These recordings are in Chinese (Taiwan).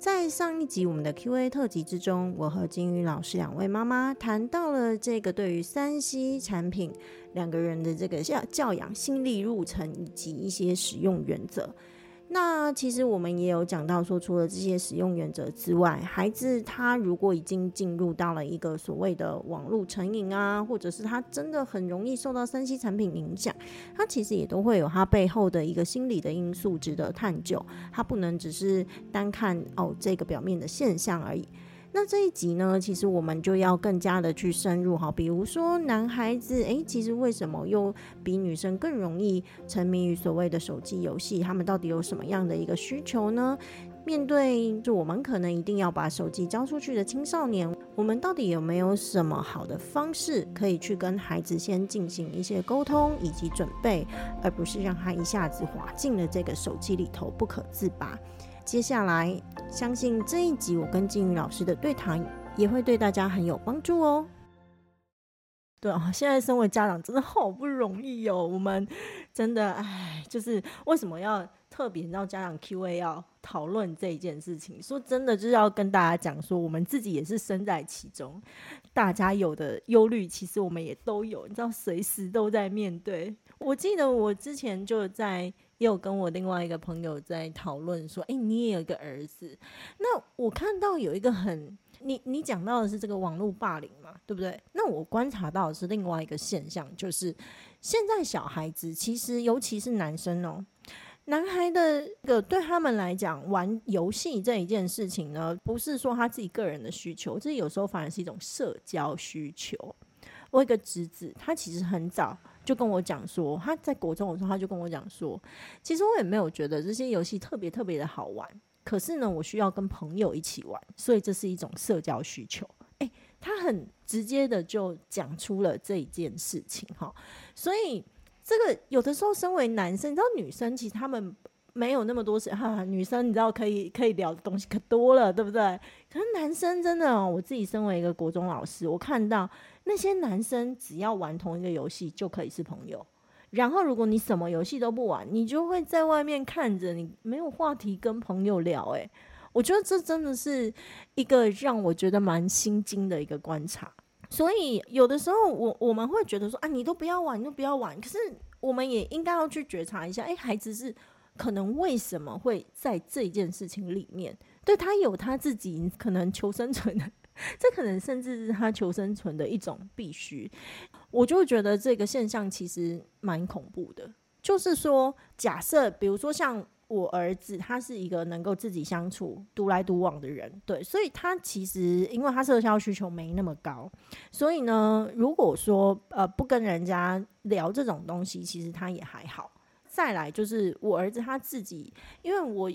在上一集，我們的 Q&A 特輯之中，我和金魚老師兩位媽媽談到了這個對於三 C 產品兩個人的這個教教養心理路程，以及一些使用原則。那其實我們也有講到說，除了這些使用原則之外，孩子他如果已經進入到了一個所謂的網絡成癮啊，或者是他真的很容易受到 3C 產品影響，他其實也都會有他背後的一個心理的因素值得探究，他不能只是單看哦這個表面的現象而已。那這一集呢，其實我們就要更加的去深入哈，比如說男孩子，誒、欸，其實為什麼又比女生更容易沉迷於所謂的手機遊戲？他們到底有什麼樣的一個需求呢？面對就我們可能一定要把手機交出去的青少年，我們到底有沒有什麼好的方式可以去跟孩子先進行一些溝通以及準備，而不是讓他一下子滑進了這個手機裡頭不可自拔？接下來，相信這一集我跟金宇老師的對談也會對大家很有幫助哦。對啊，現在身為家長真的好不容易哦，我們真的哎，就是為什麼要特別讓家長 Q&A 要討論這一件事情？說真的，就是要跟大家講說，我們自己也是身在其中，大家有的憂慮，其實我們也都有，你知道，隨時都在面對。我記得我之前就在。又跟我另外一個朋友在討論說，哎、欸，你也有一個兒子？那我看到有一個很，你你講到的是這個網絡霸凌嘛，對不對？那我觀察到的是另外一個現象，就是現在小孩子，其實尤其是男生哦，男孩的個對他們來講，玩遊戲這一件事情呢，不是說他自己個人的需求，這有時候反而是一種社交需求。我有一個侄子，他其實很早。就跟我講說，他在國中的時候，他就跟我講說，其實我也沒有覺得這些遊戲特別特別的好玩，可是呢，我需要跟朋友一起玩，所以這是一種社交需求。欸，他很直接的就講出了這一件事情哈，所以這個有的時候身為男生，你知道女生其實他們沒有那麼多事哈，啊，女生你知道可以可以聊的東西可多了，對不對？可是男生真的哦、喔，我自己身為一個國中老師，我看到那些男生只要玩同一個遊戲就可以是朋友，然後如果你什麼遊戲都不玩，你就會在外面看着你沒有話題跟朋友聊、欸。誒，我覺得這真的是一個讓我覺得蠻心驚的一個觀察。所以有的時候我我們會覺得說啊，你都不要玩，你都不要玩。可是我們也應該要去覺察一下，哎，孩子是。可能為什麼會在這件事情裡面對他有他自己可能求生存的， 這可能甚至是他求生存的一種必須。我就覺得這個現象其實蠻恐怖的。就是說，假設比如說像我兒子，他是一個能夠自己相處、獨來獨往的人，對，所以他其實因為他社交需求沒那麼高，所以呢，如果說呃不跟人家聊這種東西，其實他也還好。再來就是我兒子他自己，因為我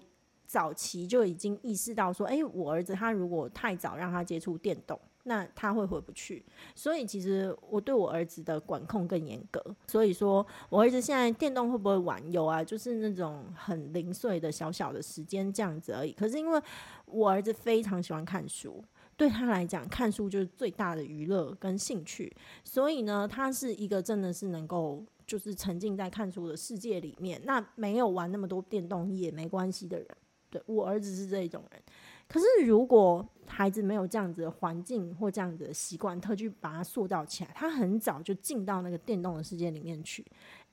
早期就已經意識到說，誒、欸，我兒子他如果太早讓他接觸電動，那他會回不去。所以其實我對我兒子的管控更嚴格。所以說我兒子現在電動會不會玩？有啊，就是那種很零碎的小小的時間這樣子而已。可是因為我兒子非常喜歡看書，對他來講，看書就是最大的娛樂跟興趣。所以呢，他是一個真的是能夠。就是沉浸在看書的世界裡面，那沒有玩那麼多電動也沒關係的人，對，我兒子是這一種人。可是如果孩子沒有這樣子的環境或這樣子的習慣，特去把他塑造起來，他很早就進到那個電動的世界裡面去。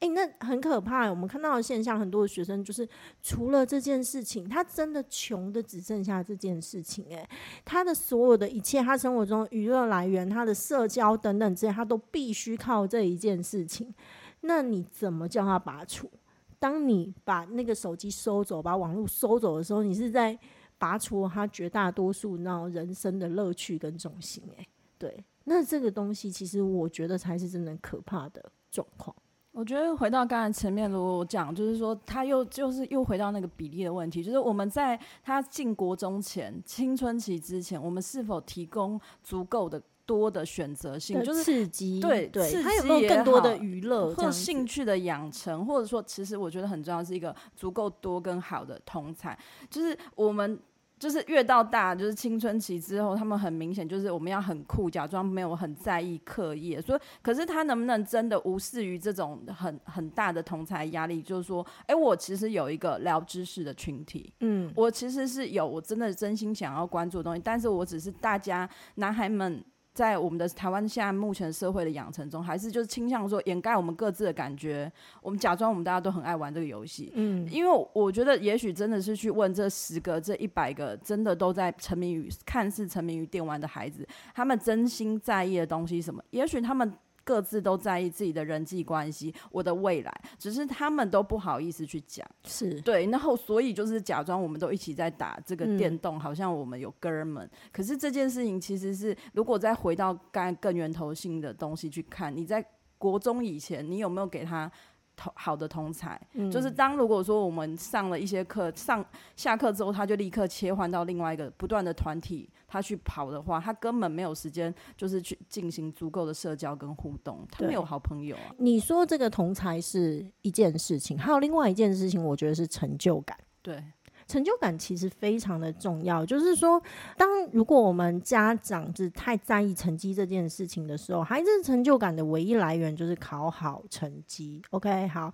哎、欸，那很可怕、欸。我們看到的現象，很多的學生就是除了這件事情，他真的窮的只剩下這件事情、欸。誒，他的所有的一切，他生活中娛樂來源、他的社交等等這些，他都必須靠這一件事情。那你怎麼叫他拔除？當你把那個手機收走，把網絡收走的時候，你是在拔除他絕大多數那人生的樂趣跟重心，欸。誒，對，那這個東西其實我覺得才是真的可怕的狀況。我覺得回到剛才前面，如果我講就是說，他又就是又回到那個比例的問題，就是我們在他進國中前、青春期之前，我們是否提供足夠的？多的選擇性，對，就是刺激，對對，他有沒有更多的娛樂，或者興趣的養成，或者說，其實我覺得很重要是一個足夠多跟好的同儕。就是我們就是越到大，就是青春期之後，他們很明顯就是我們要很酷，假裝沒有很在意課業。所以，可是他能不能真的無視於這種很很大的同儕壓力？就是說，哎、欸，我其實有一個聊知識的群體，嗯，我其實是有，我真的真心想要關注的東西，但是我只是大家男孩們。在我們的台灣現在目前社會的養成中，還是就是傾向說掩蓋我們各自的感覺，我們假裝我們大家都很愛玩這個遊戲。嗯，因為我覺得也許真的是去問這十個、這一百個真的都在沉迷於看似沉迷於電玩的孩子，他們真心在意的東西什麼？也許他們。各自都在意自己的人際關係，我的未來，只是他們都不好意思去講，是對，然後所以就是假裝我們都一起在打這個電動，嗯、好像我們有哥們，可是這件事情其實是，如果再回到更源頭性的東西去看，你在國中以前，你有沒有給他投好的同儕？嗯、就是當如果說我們上了一些課，上下課之後，他就立刻切換到另外一個不斷的團體。他去跑的話，他根本沒有時間，就是去進行足夠的社交跟互動，對他沒有好朋友啊。你說這個同儕是一件事情，還有另外一件事情，我覺得是成就感。對，成就感其實非常的重要。就是說，當如果我們家長是太在意成績這件事情的時候，孩子成就感的唯一來源就是考好成績。OK，好，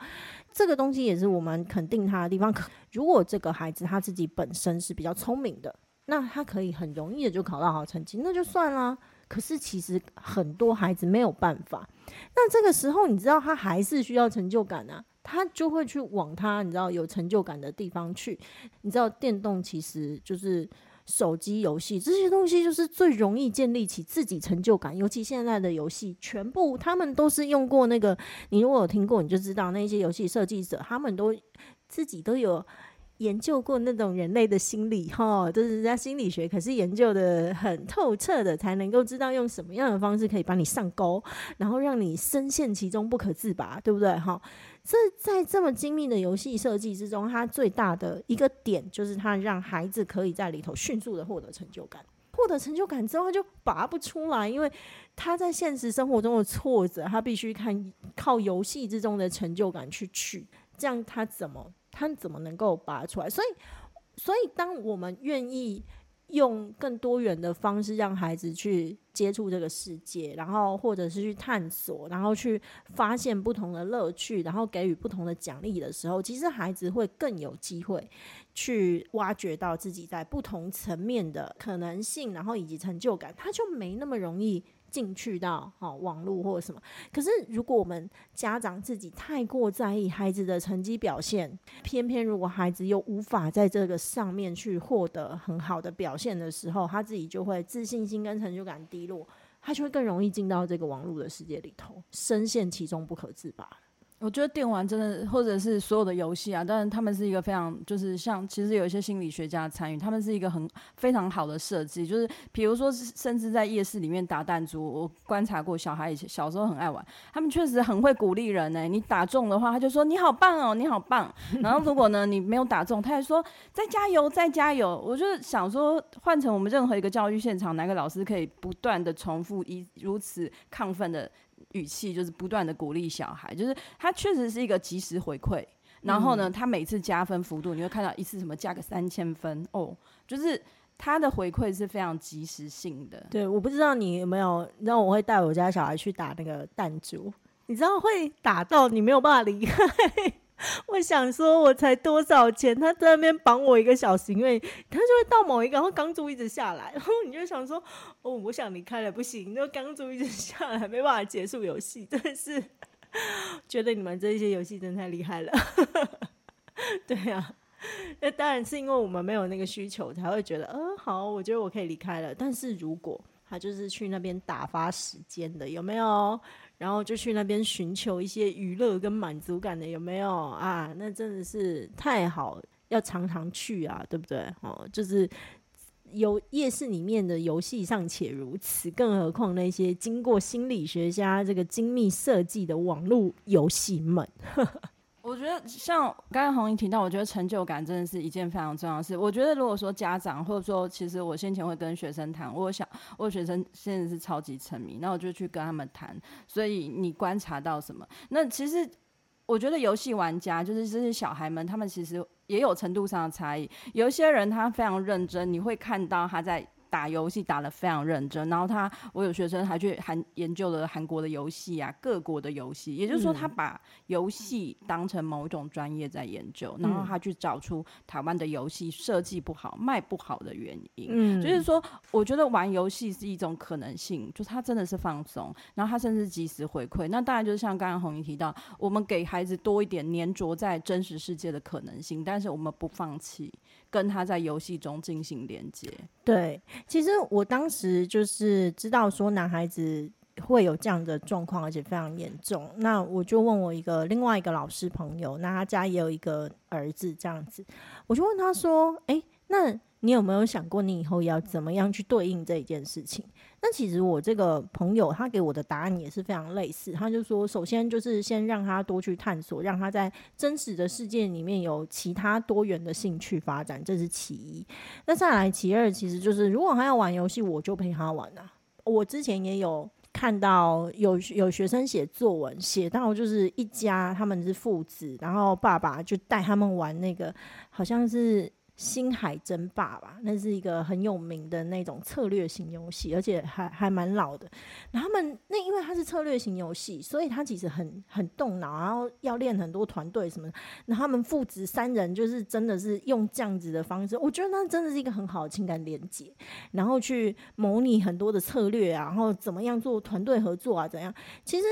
這個東西也是我們肯定他的地方。可如果這個孩子他自己本身是比較聰明的。那他可以很容易的就考到好成績，那就算啦。可是其實很多孩子沒有辦法。那這個時候，你知道他還是需要成就感啊，他就會去往他你知道有成就感的地方去。你知道，電動其實就是手機遊戲這些東西，就是最容易建立起自己成就感。尤其現在的遊戲，全部他們都是用過那個，你如果有聽過，你就知道那一些遊戲設計者他們都自己都有，研究過那種人類的心理哈、哦，就是人家心理學，可是研究得很透徹的，才能夠知道用什麼樣的方式可以把你上鈎，然後讓你深陷其中不可自拔，對不對哈、哦？這在這麼精密的遊戲設計之中，它最大的一個點就是它讓孩子可以在裡頭迅速地獲得成就感，獲得成就感之後他就拔不出來，因為他在現實生活中的挫折，他必須看靠遊戲之中的成就感去取，這樣他怎麼？看怎麼能夠拔出來？所以，所以當我們願意用更多元的方式讓孩子去接觸這個世界，然後或者是去探索，然後去發現不同的樂趣，然後給予不同的獎勵的時候，其實孩子會更有機會去挖掘到自己在不同層面的可能性，然後以及成就感，他就沒那麼容易。進去到好、哦、網絡或者什麼，可是如果我們家長自己太過在意孩子的成績表現，偏偏如果孩子又無法在這個上面去獲得很好的表現的時候，他自己就會自信心跟成就感低落，他就會更容易進到這個網絡的世界裡頭，深陷其中不可自拔。我覺得電玩真的，或者是所有的遊戲啊，當然他們是一個非常，就是像其實有一些心理學家參與，他們是一個很非常好的設計。就是，比如說，甚至在夜市裡面打彈珠，我觀察過小孩以前小時候很愛玩，他們確實很會鼓勵人呢、欸。你打中的話，他就說你好棒哦、喔，你好棒。然後如果呢你沒有打中，他還說再加油，再加油。我就想說，換成我們任何一個教育現場，哪個老師可以不斷的重複以如此亢奮的語氣就是不斷的鼓勵小孩，就是他確實是一個及時回饋。然後呢，嗯、他每次加分幅度你會看到一次什麼加個三千分哦，就是他的回饋是非常及時性的。對，我不知道你有沒有，你知道我會帶我家小孩去打那個彈珠，你知道會打到你沒有辦法離開。 我想說，我才多少錢？他在那邊綁我一個小時，因為他就會到某一個，然後鋼珠一直下來，然後你就想說，哦，我想離開了，不行，你就鋼珠一直下來，沒辦法結束遊戲。但是覺得你們這些遊戲真太厲害了，呵呵對呀、啊，那當然是因為我們沒有那個需求才會覺得，嗯，好，我覺得我可以離開了。但是如果他就是去那邊打發時間的，有沒有？然後就去那邊尋求一些娛樂跟滿足感的，有沒有？啊，那真的是太好，要常常去啊，對不對？哦，就是遊夜市裡面的遊戲尚且如此，更何況那些經過心理學家這個精密設計的網絡遊戲們。呵呵我覺得像剛剛洪英提到，我覺得成就感真的是一件非常重要的事。我覺得如果說家長，或者說其實我先前會跟學生談，我想我學生現在是超級沉迷，那我就去跟他們談。所以你觀察到什麼？那其實我覺得遊戲玩家就是這些小孩們，他們其實也有程度上的差異。有一些人他非常認真，你會看到他在。打遊戲打得非常認真，然後他，我有學生還去韓研究了韓國的遊戲啊，各國的遊戲，也就是說他把遊戲當成某一種專業在研究，嗯、然後他去找出台灣的遊戲設計不好、賣不好的原因。嗯、就是說，我覺得玩遊戲是一種可能性，就是他真的是放鬆，然後他甚至及時回饋。那當然就是像剛剛虹瑩提到，我們給孩子多一點黏着在真實世界的可能性，但是我們不放棄。跟他在遊戲中進行連接。對，其實我當時就是知道說男孩子會有這樣的狀況，而且非常嚴重。那我就問我一個另外一個老師朋友，那他家也有一個兒子這樣子，我就問他說：“欸，那你有沒有想過你以後要怎麼樣去對應這一件事情？”那其實我這個朋友他給我的答案也是非常類似，他就說，首先就是先讓他多去探索，讓他在真實的世界裡面有其他多元的興趣發展，這是其一。那再來其二，其實就是如果他要玩遊戲，我就陪他玩啊。我之前也有看到有有學生寫作文，寫到就是一家他們是父子，然後爸爸就帶他們玩那個，好像是。星海爭霸吧，那是一個很有名的那種策略型遊戲，而且還還蠻老的。然後他們那因為它是策略型遊戲，所以他其實很很動腦，然後要練很多團隊什麼。然後他們父子三人就是真的是用這樣子的方式，我覺得那真的是一個很好的情感連接，然後去模擬很多的策略啊，然後怎麼樣做團隊合作啊，怎樣？其實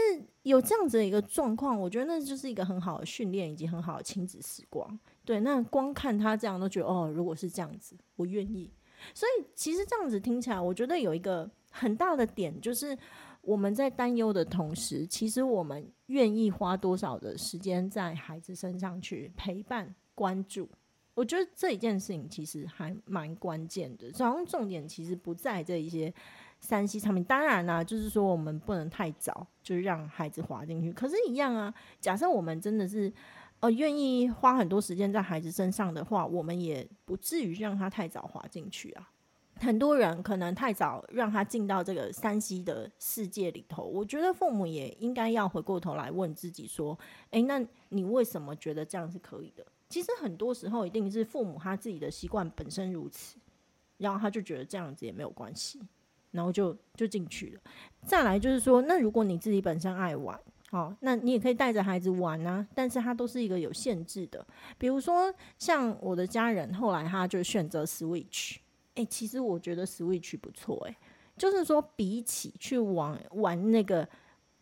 有這樣子的一個狀況，我覺得那就是一個很好的訓練以及很好的親子時光。對，那光看他這樣都覺得哦，如果是這樣子，我願意。所以其實這樣子聽起來，我覺得有一個很大的點，就是我們在擔憂的同時，其實我們願意花多少的時間在孩子身上去陪伴、關注。我覺得這一件事情其實還蠻關鍵的。主要重點其實不在這一些 3C 上面。當然啦、啊，就是說我們不能太早，就是讓孩子滑進去。可是，一樣啊，假設我們真的是。呃，願意花很多時間在孩子身上的話，我們也不至於讓他太早滑進去啊。很多人可能太早讓他進到這個 3C 的世界裡頭，我覺得父母也應該要回過頭來問自己說：哎、欸，那你為什麼覺得這樣是可以的？其實很多時候一定是父母他自己的習慣本身如此，然後他就覺得這樣子也沒有關係，然後就就進去了。再來就是說，那如果你自己本身愛玩，好、哦，那你也可以帶着孩子玩啊，但是它都是一個有限制的。比如說，像我的家人後來他就選擇 Switch，哎、欸，其實我覺得 Switch 不錯誒、欸，就是說比起去玩玩那個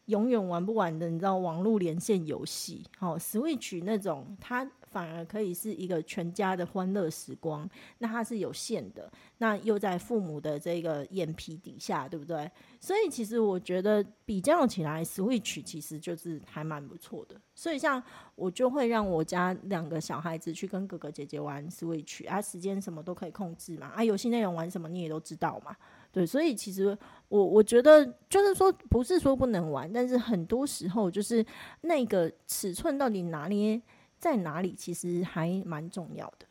永遠玩不完的，你知道網絡連線遊戲，哦，Switch 那種它。反而可以是一個全家的歡樂時光，那它是有限的，那又在父母的這個眼皮底下，對不對？所以其實我覺得比較起來，Switch 其實就是還蠻不錯的。所以像我就會讓我家兩個小孩子去跟哥哥姐姐玩 Switch，啊，時間什麼都可以控制嘛，啊，遊戲內容玩什麼你也都知道嘛，對。所以其實我我覺得就是說，不是說不能玩，但是很多時候就是那個尺寸到底拿捏在哪裡其實還蠻重要的。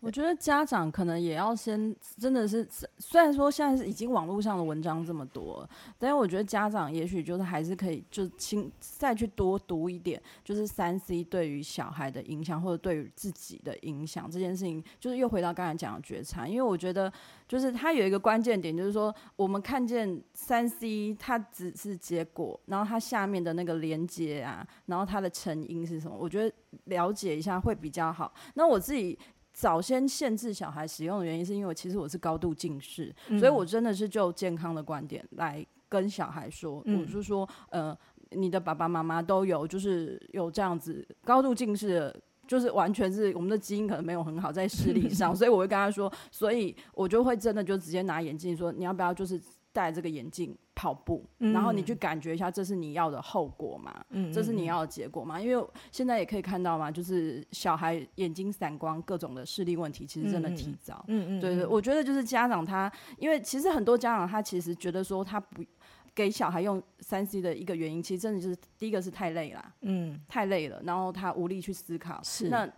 我覺得家長可能也要先，真的是，雖然說，現在是已經網絡上的文章這麼多，但是我覺得家長也許就是還是可以，就是再去多讀一點，就是三 C 對於小孩的影響，或者對於自己的影響這件事情，就是又回到剛才講的覺察，因為我覺得就是它有一個關鍵點，就是說，我們看見三 C，它只是結果，然後它下面的那個連接啊，然後它的成因是什麼？我覺得了解一下會比較好。那我自己。早先限制小孩使用的原因，是因為其實我是高度近視，嗯、所以我真的是就健康的觀點來跟小孩說，我是、嗯嗯、說，呃，你的爸爸媽媽都有，就是有這樣子高度近視的，就是完全是我們的基因可能沒有很好在視力上，嗯、所以我會跟他說，所以我就會真的就直接拿眼鏡說，你要不要就是。戴這個眼鏡跑步，嗯嗯，然後你去感覺一下，這是你要的後果嗎？嗯嗯嗯，這是你要的結果嗎？因為現在也可以看到嘛，就是小孩眼睛散光、各種的視力問題，其實真的提早。嗯對、嗯、對，嗯嗯嗯，我覺得就是家長他，因為其實很多家長他其實覺得說他不給小孩用三 C 的一個原因，其實真的就是第一個是太累了，嗯、太累了，然後他無力去思考。是。那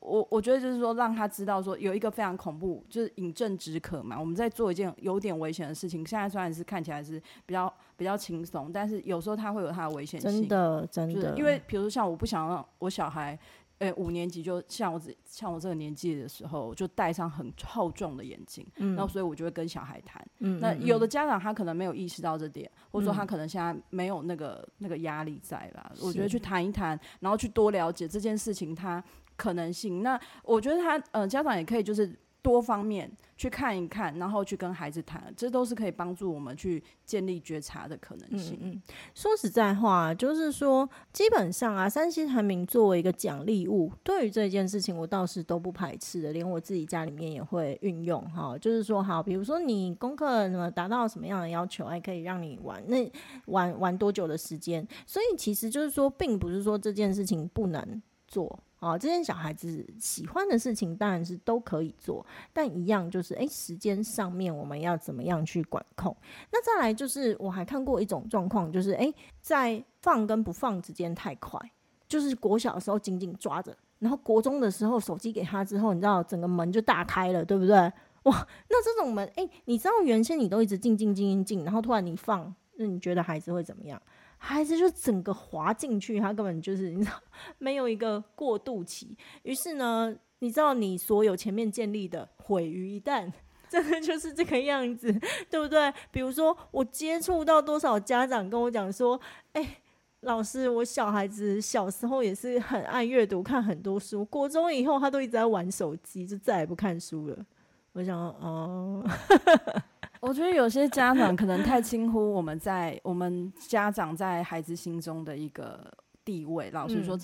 我我覺得就是說，讓他知道說有一個非常恐怖，就是飲鴆止渴嘛。我們在做一件有點危險的事情。現在雖然是看起來是比較比較輕鬆，但是有時候他會有他的危險性。真的，真的，因為比如說像我不想讓我小孩，誒、欸，五年級就像我像我這個年紀的時候，就戴上很厚重的眼鏡，那、嗯、所以我就會跟小孩談。嗯嗯嗯那有的家長他可能沒有意識到這點，或者說他可能現在沒有那個那個壓力在吧？嗯、我覺得去談一談，然後去多了解這件事情，他。可能性，那我覺得他，呃家長也可以就是多方面去看一看，然後去跟孩子談，這都是可以幫助我們去建立覺察的可能性。嗯、嗯，說實在話，就是說，基本上啊，3C 產品作為一個獎勵物，對於這件事情，我倒是都不排斥的，連我自己家裡面也會運用哈、哦。就是說，好，比如說你功課什麼達到什麼樣的要求，還可以讓你玩，那玩玩多久的時間？所以其實就是說，並不是說這件事情不能做，啊、哦，這些小孩子喜歡的事情當然是都可以做，但一樣就是哎，時間上面我們要怎麼樣去管控？那再來就是我還看過一種狀況，就是哎，在放跟不放之間太快，就是國小的時候緊緊抓着，然後國中的時候手機給他之後，你知道整個門就大開了，對不對？哇，那這種門哎，你知道原先你都一直禁禁禁禁禁，然後突然你放，那你覺得孩子會怎麼樣？孩子就整個滑進去，他根本就是你知道沒有一個過渡期。於是呢，你知道你所有前面建立的毀於一旦，真的就是這個樣子，對不對？比如說我接觸到多少家長跟我講說：“哎，老師，我小孩子小時候也是很愛閱讀，看很多書。國中以後他都一直在玩手機，就再也不看書了。”我想說，哦。呵呵呵 我覺得有些家長可能太輕忽我們在我們家長在孩子心中的一個地位。老實說，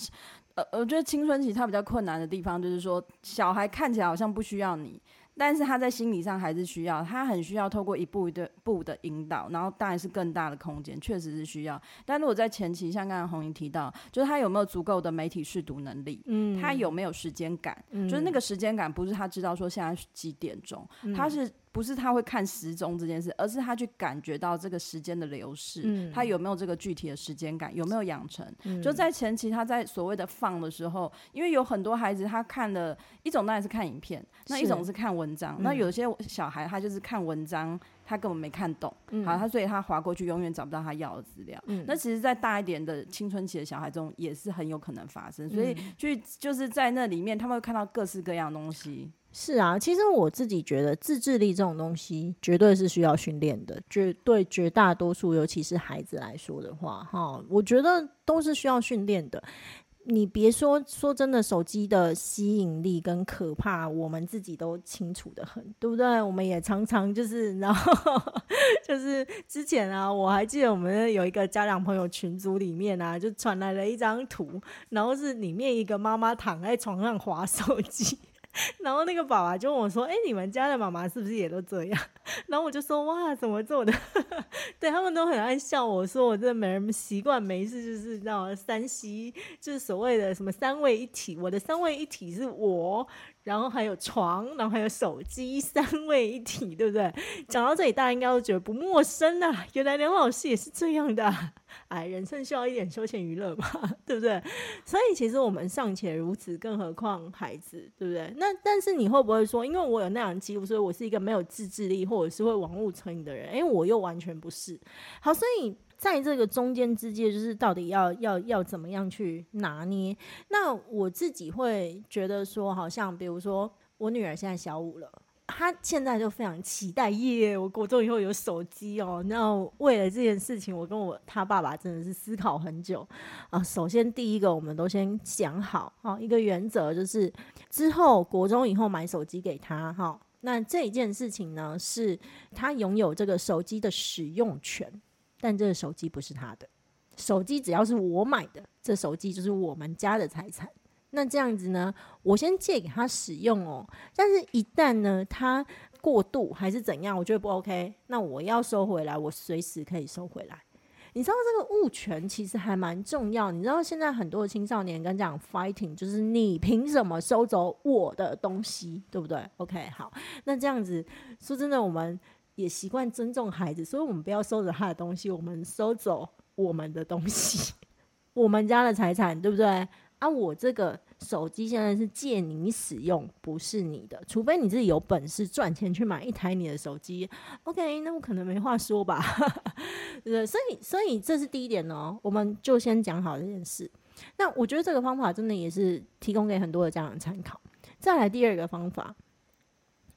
呃，我覺得青春期他比較困難的地方就是說，小孩看起來好像不需要你，但是他在心理上還是需要，他很需要透過一步一對步的引導，然後當然是更大的空間，確實是需要。但如果在前期，像剛才紅英提到，就是他有沒有足夠的媒體識讀能力，嗯，他有沒有時間感，就是那個時間感不是他知道說現在是幾點鐘，他是。不是他會看時鐘這件事，而是他去感覺到這個時間的流逝，嗯、他有沒有這個具體的時間感，有沒有養成？嗯、就在前期，他在所謂的放的時候，因為有很多孩子，他看的一種當然是看影片，那一種是看文章。是那有些小孩他就是看文章，他根本沒看懂，嗯、好，他所以他滑過去，永遠找不到他要的資料。嗯、那其實，在大一點的青春期的小孩中，也是很有可能發生。所以，就就是在那裡面，他們會看到各式各樣的東西。是啊，其實我自己覺得自制力這種東西絕對是需要訓練的，絕對絕大多數，尤其是孩子來說的話，哈、哦，我覺得都是需要訓練的。你別說說真的，手機的吸引力跟可怕，我們自己都清楚得很，對不對？我們也常常就是，然後就是之前啊，我還記得我們有一個家長朋友群組裡面啊，就傳來了一張圖，然後是裡面一個媽媽躺在床上滑手機。然後那個寶啊，就問我說：“哎、欸，你們家的媽媽是不是也都這樣？”然後我就說：“哇，怎麼做的？” 對他們都很愛笑我。我說：“我真的沒什麼習慣，沒事就是那種三西，就是所謂的什麼三位一體。我的三位一體是我，然後還有床，然後還有手機，三位一體，對不對？”講到這裡，大家應該都覺得不陌生了，啊。原來梁老師也是這樣的。哎，人生需要一點休閒娛樂嘛，對不對？所以其實我們尚且如此，更何況孩子，對不對？那但是你會不會說，因為我有那樣的欺負，所以我是一個沒有自制力，或者是會網路成癮的人？因、哎、為我又完全不是。好，所以在這個中間之間，就是到底要要要怎麼樣去拿捏？那我自己會覺得說，好像比如說我女兒現在小五了。他現在就非常期待耶！Yeah, 我國中以後有手機哦。那為了這件事情，我跟我他爸爸真的是思考很久。啊，首先第一個，我們都先想好、啊，一個原則就是，之後國中以後買手機給他，哈、啊。那這一件事情呢，是他擁有這個手機的使用權，但這個手機不是他的。手機只要是我買的，這手機就是我們家的財產。那這樣子呢，我先借給他使用哦，但是，一旦呢他過度還是怎樣，我覺得不 OK。那我要收回來，我隨時可以收回來。你知道這個物權其實還蠻重要。你知道現在很多的青少年跟講 fighting，就是你憑什麼收走我的東西，對不對？OK，好，那這樣子說真的，我們也習慣尊重孩子，所以我們不要收走他的東西，我們收走我們的東西， 我們家的財產，對不對？啊，我這個手機現在是借你使用，不是你的。除非你自己有本事賺錢去買一台你的手機。OK，那我可能沒話說吧，對不對？所以，所以這是第一點呢，我們就先講好這件事。那我覺得這個方法真的也是提供給很多的家長參考。再來第二個方法，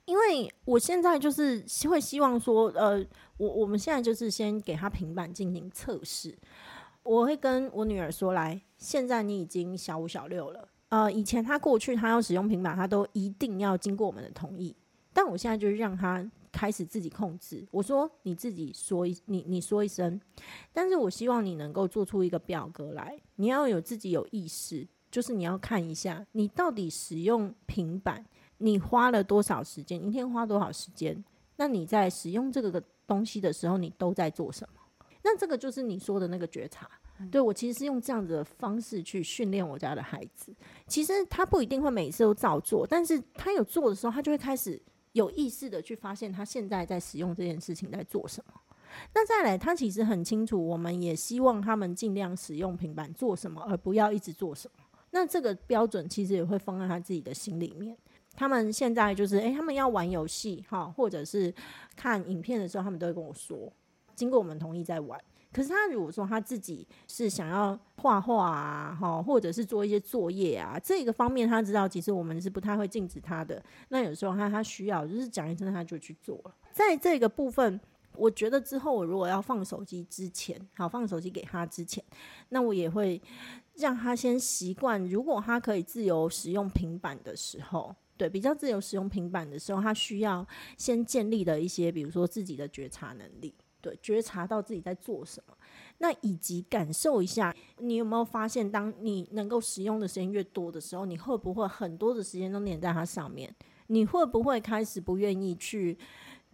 因為我現在就是會希望說，呃，我我們現在就是先給他平板進行測試。我會跟我女兒說：“來，現在你已經小五小六了。呃，以前她過去她要使用平板，她都一定要經過我們的同意。但我現在就是讓她開始自己控制。我說你自己說一，你你說一聲。但是我希望你能夠做出一個表格來。你要有自己有意識，就是你要看一下你到底使用平板，你花了多少時間，一天花多少時間。那你在使用這個東西的時候，你都在做什麼？”那這個就是你說的那個覺察，對我其實是用這樣子的方式去訓練我家的孩子。其實他不一定會每次都照做，但是他有做的時候，他就會開始有意識的去發現他現在在使用這件事情在做什麼。那再來，他其實很清楚，我們也希望他們盡量使用平板做什麼，而不要一直做什麼。那這個標準其實也會放在他自己的心裡面。他們現在就是，哎、欸，他們要玩遊戲哈，或者是看影片的時候，他們都會跟我說，經過我們同意再玩。可是他如果說他自己是想要畫畫啊，哈，或者是做一些作業啊，這個方面他知道，其實我們是不太會禁止他的。那有時候他他需要，就是講一聲他就去做了。在這個部分，我覺得之後我如果要放手機之前，好放手機給他之前，那我也會讓他先習慣。如果他可以自由使用平板的時候，對，比較自由使用平板的時候，他需要先建立的一些，比如說自己的覺察能力。對，覺察到自己在做什麼，那以及感受一下，你有沒有發現，當你能夠使用的時間越多的時候，你會不會很多的時間都黏在它上面？你會不會開始不願意去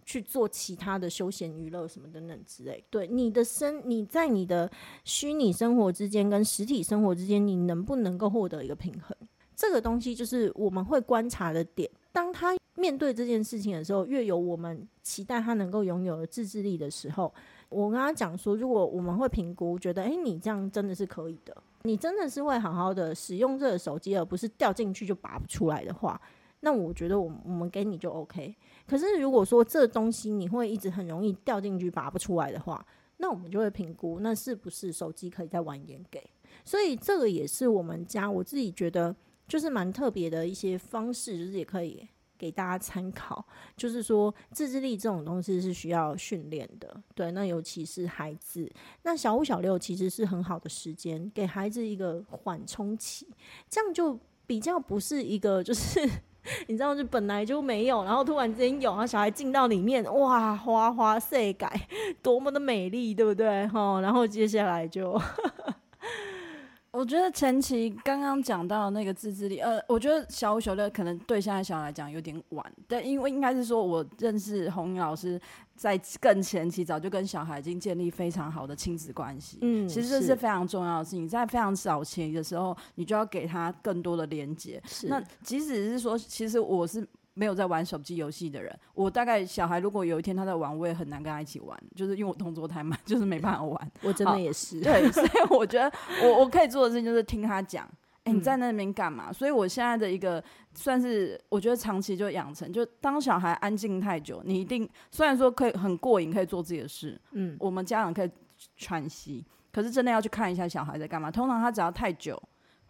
去做其他的休閒娛樂什麼等等之類？對，你的生，你在你的虛擬生活之間跟實體生活之間，你能不能夠獲得一個平衡？這個東西就是我們會觀察的點，當它。面對這件事情的時候，越有我們期待他能夠擁有的自制力的時候，我跟他講說，如果我們會評估，覺得哎，你這樣真的是可以的，你真的是會好好的使用這個手機，而不是掉進去就拔不出來的話，那我覺得我我們給你就 OK。可是如果說這東西你會一直很容易掉進去拔不出來的話，那我們就會評估，那是不是手機可以再晚點給？所以這個也是我們家我自己覺得就是蠻特別的一些方式，就是也可以。給大家參考，就是說自製力這種東西是需要訓練的，對。那尤其是孩子，那小五小六其實是很好的時間，給孩子一個緩衝期，這樣就比較不是一個，就是你知道，就本來就沒有，然後突然之間有，然後小孩進到裡面，哇，花花世界，多麼的美麗，對不對？哦，然後接下來就。呵呵我覺得前期剛剛講到那個自制力，呃，我覺得小五小六可能對現在小孩來講有點晚，但因為應該是說，我認識洪英老師在更前期早就跟小孩已經建立非常好的親子關係，嗯，其實這是非常重要的事情，是在非常早期的時候，你就要給他更多的連結，是那即使是說，其實我是。沒有在玩手機遊戲的人，我大概小孩如果有一天他在玩，我也很難跟他一起玩，就是因為我動作太慢，就是沒辦法玩。我真的也是，對，所以我覺得我我可以做的事情就是聽他講，哎、欸，你在那邊幹嘛？嗯、所以我現在的一個算是我覺得長期就養成就當小孩安靜太久，你一定、嗯、雖然說可以很過癮，可以做自己的事，嗯，我們家長可以喘息，可是真的要去看一下小孩在幹嘛。通常他只要太久，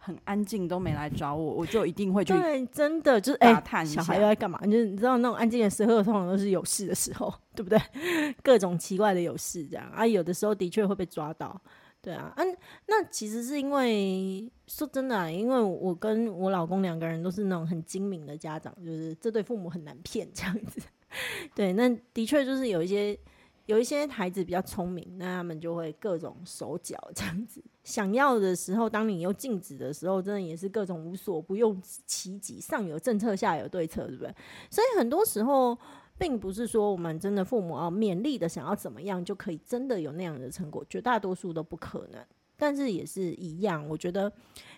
很安靜，都沒來找我，我就一定會去對。真的就是哎、欸，小孩又在幹嘛？你就是你知道那種安靜的時候，通常都是有事的時候，對不對？各種奇怪的有事這樣啊，有的時候的確會被抓到。對啊，嗯、啊，那其實是因為說真的、啊，因為我跟我老公兩個人都是那種很精明的家長，就是這對父母很難騙這樣子。對，那的確就是有一些有一些孩子比較聰明，那他們就會各種手腳這樣子。想要的時候，當你又禁止的時候，真的也是各種無所不用其極，上有政策，下有對策，對不對？所以很多時候，並不是說我們真的父母要、啊、勉勵的想要怎麼樣，就可以真的有那樣的成果，絕大多數都不可能。但是也是一樣，我覺得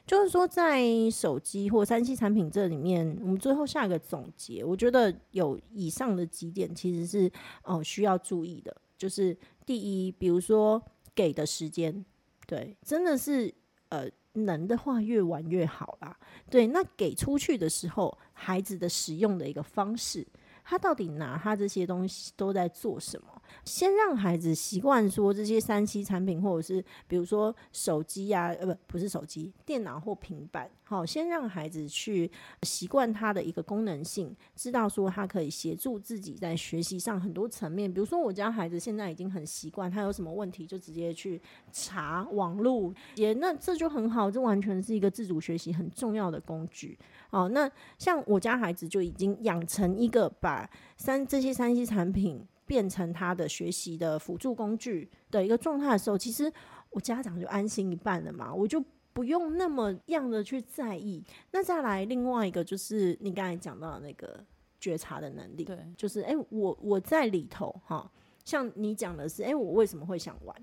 就是說，在手機或 3C 產品這裡面，我們最後下一個總結，我覺得有以上的幾點其實是哦、呃、需要注意的，就是第一，比如說給的時間。對，真的是，呃，能的話越晚越好啦。對，那給出去的時候，孩子的使用的一個方式。他到底拿他這些東西都在做什麼？先讓孩子習慣說這些 3C 產品，或者是比如說手機啊，呃不，不是手機，電腦或平板。好，先讓孩子去習慣它的一個功能性，知道說它可以協助自己在學習上很多層面。比如說我家孩子現在已經很習慣，他有什麼問題就直接去查網路，也那這就很好，這完全是一個自主學習很重要的工具。好，那像我家孩子就已經養成一個把。把三這些三 C 產品變成他的學習的輔助工具的一個狀態的時候，其實我家長就安心一半了嘛，我就不用那麼樣的去在意。那再來另外一個就是你剛才講到的那個覺察的能力，對，就是哎、欸，我我在裡頭哈、哦，像你講的是，哎、欸，我為什麼會想玩？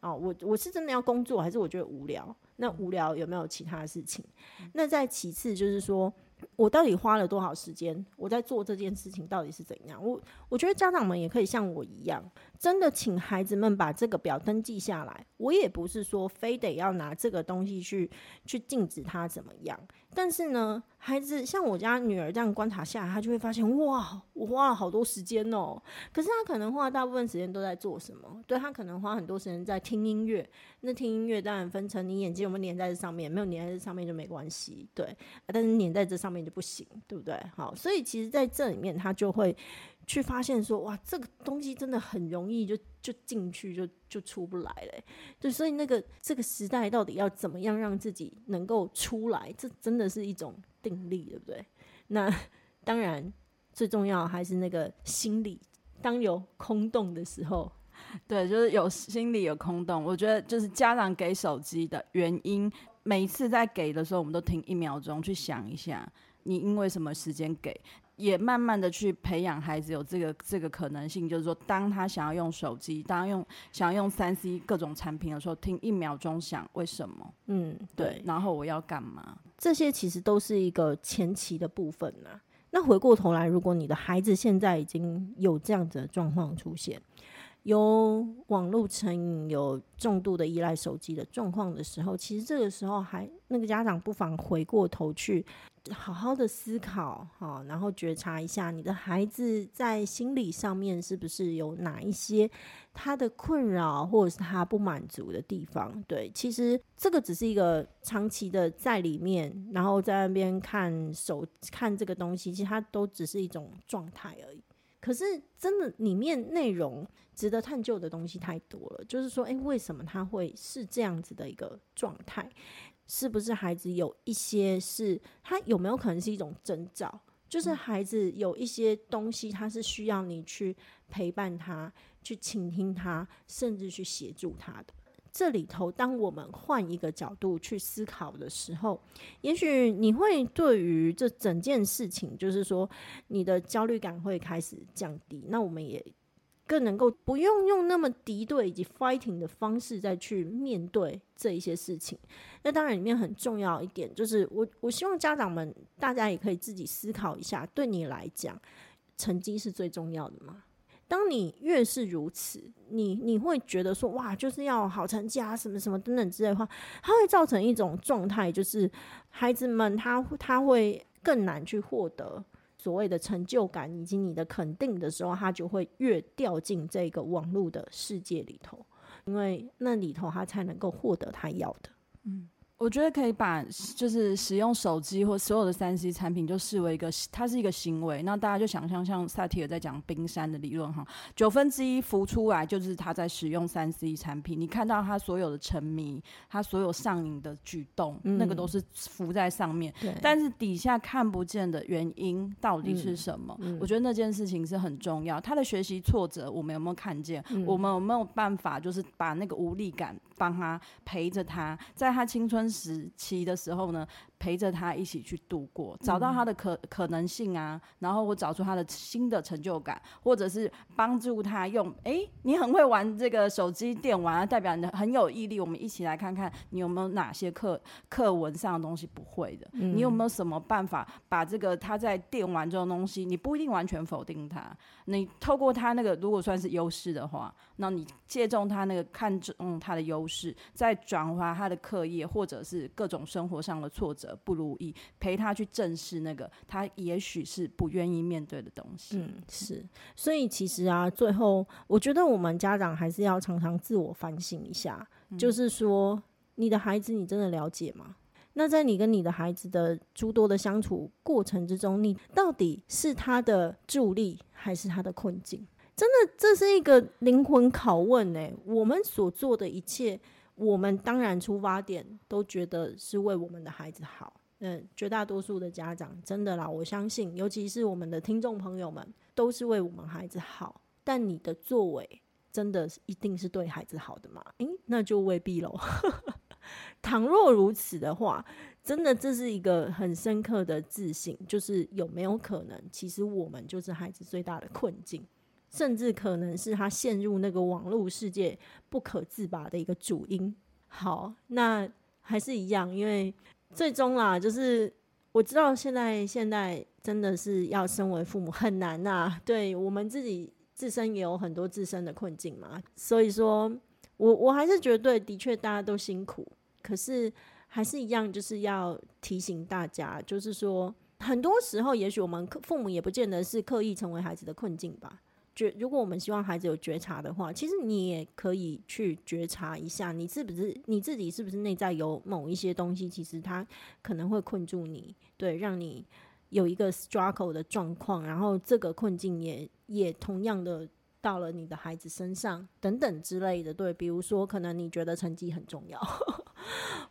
啊、哦，我我是真的要工作，還是我覺得無聊？那無聊有沒有其他的事情？那再其次就是說。我到底花了多少時間？我在做這件事情到底是怎樣？我我覺得家長們也可以像我一樣，真的請孩子們把這個表登記下來。我也不是說非得要拿這個東西去去禁止他怎麼樣。但是呢，孩子像我家女兒這樣觀察下來，她就會發現，哇，我花了好多時間哦。可是她可能花大部分時間都在做什麼？對她可能花很多時間在聽音樂。那聽音樂當然分成，你眼睛有沒有粘在這上面？沒有粘在這上面就沒關係，對。啊，但是粘在這上面就不行，對不對？好，所以其實在這裡面，她就會。去發現說哇，這個東西真的很容易就就進去就就出不來嘞，對，所以那個這個時代到底要怎麼樣讓自己能夠出來，這真的是一種定力，對不對？那當然最重要還是那個心理，當有空洞的時候，對，就是有心理有空洞。我覺得就是家長給手機的原因，每一次在給的時候，我們都停一秒鐘去想一下，你因為什麼時間給。也慢慢的去培養孩子有這個這個可能性，就是說，當他想要用手機，當用想要用三 C 各種產品的時候，停一秒鐘想為什麼？嗯，對，對。然後我要幹嘛？這些其實都是一個前期的部分呢、啊。那回過頭來，如果你的孩子現在已經有這樣子的狀況出現，有網絡成癮、有重度的依賴手機的狀況的時候，其實這個時候還那個家長不妨回過頭去，好好的思考好，哦，然後覺察一下你的孩子在心理上面是不是有哪一些他的困擾或者是他不滿足的地方。對，其實這個只是一個長期的在裡面，然後在那邊看手看這個東西，其實它都只是一種狀態而已。可是，真的裡面內容值得探究的東西太多了。就是說，欸，為什麼他會是這樣子的一個狀態？是不是孩子有一些是，他有沒有可能是一種徵兆？就是孩子有一些東西，他是需要你去陪伴他、去傾聽他，甚至去協助他的。這裡頭，當我們換一個角度去思考的時候，也許你會對於這整件事情，就是說你的焦慮感會開始降低。那我們也更能夠不用用那麼敵對以及 fighting 的方式再去面對這一些事情。那當然，裡面很重要一點就是我，我我希望家長們大家也可以自己思考一下，對你來講，成績是最重要的嗎？當你越是如此，你你會覺得說哇，就是要好成績啊，什麼什麼等等之類的話，它會造成一種狀態，就是孩子們他他會更難去獲得所謂的成就感以及你的肯定的時候，他就會越掉進這個網絡的世界裡頭，因為那裡頭他才能夠獲得他要的，嗯。我覺得可以把就是使用手機或所有的三 C 產品，就視為一個它是一個行為。那大家就想象像薩提爾在講冰山的理論哈，九分之一浮出來就是他在使用三 C 產品，你看到他所有的沉迷，他所有上癮的舉動，嗯、那個都是浮在上面。對但是底下看不見的原因到底是什麼？嗯嗯、我覺得那件事情是很重要。他的學習挫折，我們有沒有看見？嗯、我們有沒有辦法就是把那個無力感？幫他陪着他，在他青春時期的時候呢，陪着他一起去度過，找到他的可可能性啊，然後我找出他的新的成就感，或者是幫助他用，哎、欸，你很會玩這個手機電玩啊，代表你很有毅力。我們一起來看看你有沒有哪些課課文上的東西不會的，你有沒有什麼辦法把這個他在電玩這種東西，你不一定完全否定他，你透過他那個如果算是優勢的話。那你借重他那個看重、嗯、他的優勢，再轉化他的課業，或者是各種生活上的挫折不如意，陪他去正視那個他也許是不願意面對的東西。嗯，是。所以其實啊，最後我覺得我們家長還是要常常自我反省一下，嗯、就是說，你的孩子你真的了解嗎？那在你跟你的孩子的諸多的相處過程之中，你到底是他的助力還是他的困境？真的，這是一個靈魂拷問呢、欸。我們所做的一切，我們當然出發點都覺得是為我們的孩子好。嗯，絕大多數的家長，真的啦，我相信，尤其是我們的聽眾朋友們，都是為我們孩子好。但你的作為，真的是一定是對孩子好的嗎？哎、欸，那就未必嘍。 倘若如此的話，真的這是一個很深刻的自省。就是有沒有可能，其實我們就是孩子最大的困境。甚至可能是他陷入那個網絡世界不可自拔的一個主因。好，那還是一樣，因為最終啦，就是我知道現在現在真的是要身為父母很難吶。對我們自己自身也有很多自身的困境嘛，所以說我，我我還是覺得，對的確大家都辛苦，可是還是一樣，就是要提醒大家，就是說，很多時候，也許我們父母也不見得是刻意成為孩子的困境吧。覺，如果我們希望孩子有覺察的話，其實你也可以去覺察一下，你是不是你自己是不是內在有某一些東西，其實它可能會困住你，對，讓你有一個 struggle 的狀況，然後這個困境也也同樣的到了你的孩子身上，等等之類的，對，比如說可能你覺得成績很重要，呵呵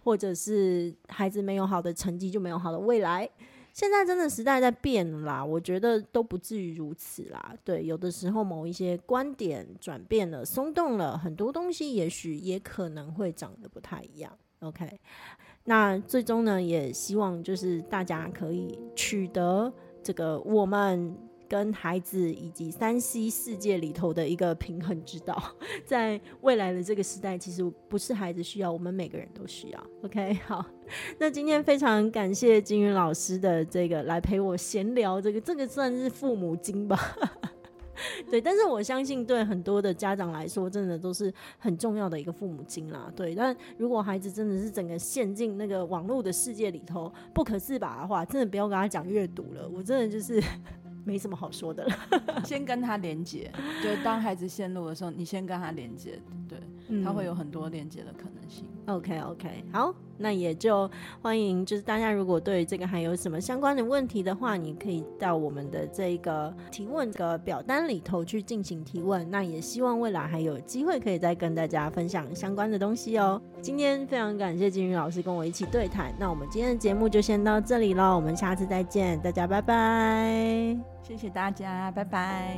或者是孩子沒有好的成績就沒有好的未來。現在真的時代在變了啦，我覺得都不至於如此啦。對，有的時候某一些觀點轉變了、鬆動了，很多東西，也許也可能會長得不太一樣。OK，那最終呢，也希望就是大家可以取得這個我們。跟孩子以及 3C 世界裡頭的一個平衡之道，在未來的這個時代，其實不是孩子需要，我們每個人都需要。OK，好，那今天非常感謝金宇老師的這個來陪我閒聊，這個這個算是父母經吧。 對，但是我相信對很多的家長來說，真的都是很重要的一個父母經啦。對，但如果孩子真的是整個陷進那個網絡的世界裡頭不可自拔的話，真的不要跟他講閱讀了，我真的就是。沒什麼好說的了，先跟他連結， 就當孩子陷入的時候，你先跟他連結，對。它會有很多連接的可能性。嗯。OK OK，好，那也就歡迎，就是大家如果對這個還有什麼相關的問題的話，你可以到我們的這個提問的表單裡頭去進行提問。那也希望未來還有機會可以再跟大家分享相關的東西哦。喔。今天非常感謝金宇老師跟我一起對談。那我們今天的節目就先到這裡了，我們下次再見，大家拜拜，謝謝大家，拜拜。